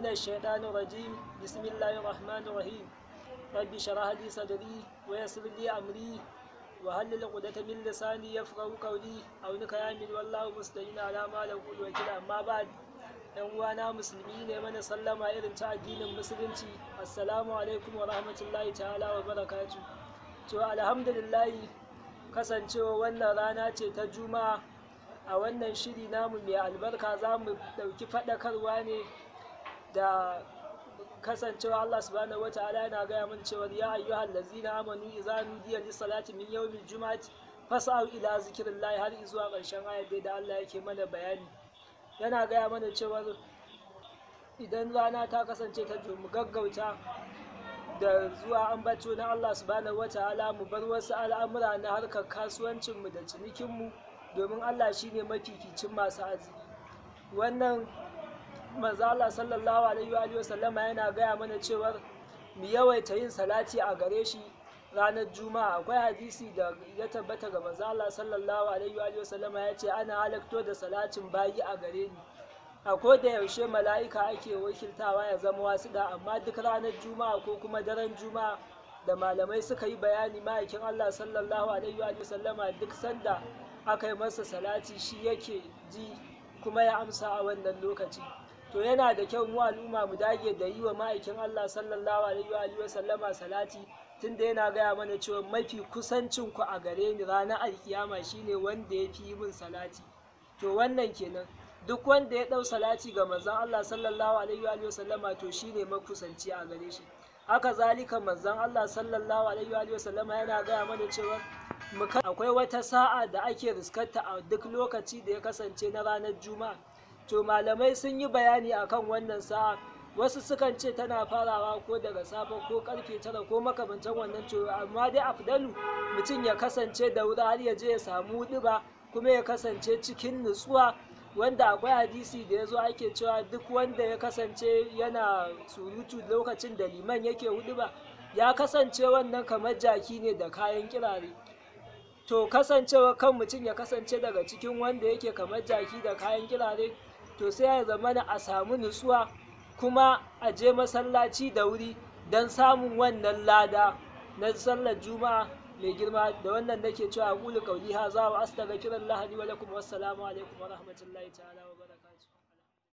من الشيطان الرجيم بسم الله الرحمن الرحيم رب شرح لي صدري ويسر لي أمري وهل القدة من لساني يفقه قولي أو نكامل والله مستعين على ما نقول وكذا أما بعد ‘yan uwana musulmi ne mana sallama irin ta addinin musulunci assalamu alaikum wa rahmatullahi ta'ala wa barakatu to alhamdulillahi kasancewa wannan rana ce ta juma'a a wannan shiri namu mai albarka za mu ɗauki faɗakarwa ne da kasancewa Allah subhanahu ta'ala yana gaya mana cewa ya ayyuhal ladzina amanu idza nudiya li salati min yawmil jumu'ati fas'au ila zikrillah har zuwa ƙarshen ayar da Allah yake mana bayani yana gaya mana cewa idan rana ta kasance ta mu gaggauta da zuwa an bacci na Allah subhanahu ta'ala mu bar wasu al'amura na harkar kasuwancinmu da cinikinmu domin Allah shine mafificin masu arziki wannan manzo sallallahu alaihi wa alihi sallama yana gaya mana cewar mu yawaita yin salati a gare shi ranar juma'a akwai hadisi da ya tabbata ga manzo Allah sallallahu alaihi wa sallama ya ce ana halakto da salatin bayi a gare ni a ko da yaushe mala'ika ake wakiltawa ya zama da, amma duk ranar juma'a ko kuma daren juma'a da malamai suka yi bayani ma'aikin Allah sallallahu alaihi wa sallama duk sanda aka yi masa salati shi yake ji kuma ya amsa a wannan lokaci to yana da kyau mu al'umma mu dage da yi wa ma'aikin Allah sallallahu alaihi wa sallama salati tunda yana gaya mana cewa mafi kusancin ku a gare ni ranar alkiyama shine wanda ya fi min salati to wannan kenan duk wanda ya dau salati ga manzon Allah sallallahu alaihi wa sallama to shine makusanci a gare shi haka zalika manzon Allah sallallahu alaihi wa sallama yana gaya mana cewa akwai wata sa'a da ake riskanta a duk lokaci da ya kasance na ranar juma'a to malamai sun yi bayani akan wannan sa'a wasu sukan ce tana farawa ko daga safe ko karfe tara ko makamancin wannan to amma dai afdalu mutum ya kasance da wuri har ya je ya samu diba kuma ya kasance cikin nutsuwa wanda akwai hadisi da ya zo ake cewa duk wanda ya kasance yana surutu lokacin da liman yake hudu ba ya kasance wannan kamar jaki ne da kayan kirare to kasancewa kan mutum ya kasance daga cikin wanda yake kamar jaki da kayan kirare to sai ya zamana a samu nutsuwa kuma a je masallaci da wuri don samun wannan lada na sallar juma'a mai girma da wannan nake cewa a ƙuli kauli ha za wa kiran li wa lakum wassalamu alaikum wa rahmatullahi ta'ala wa barakatuh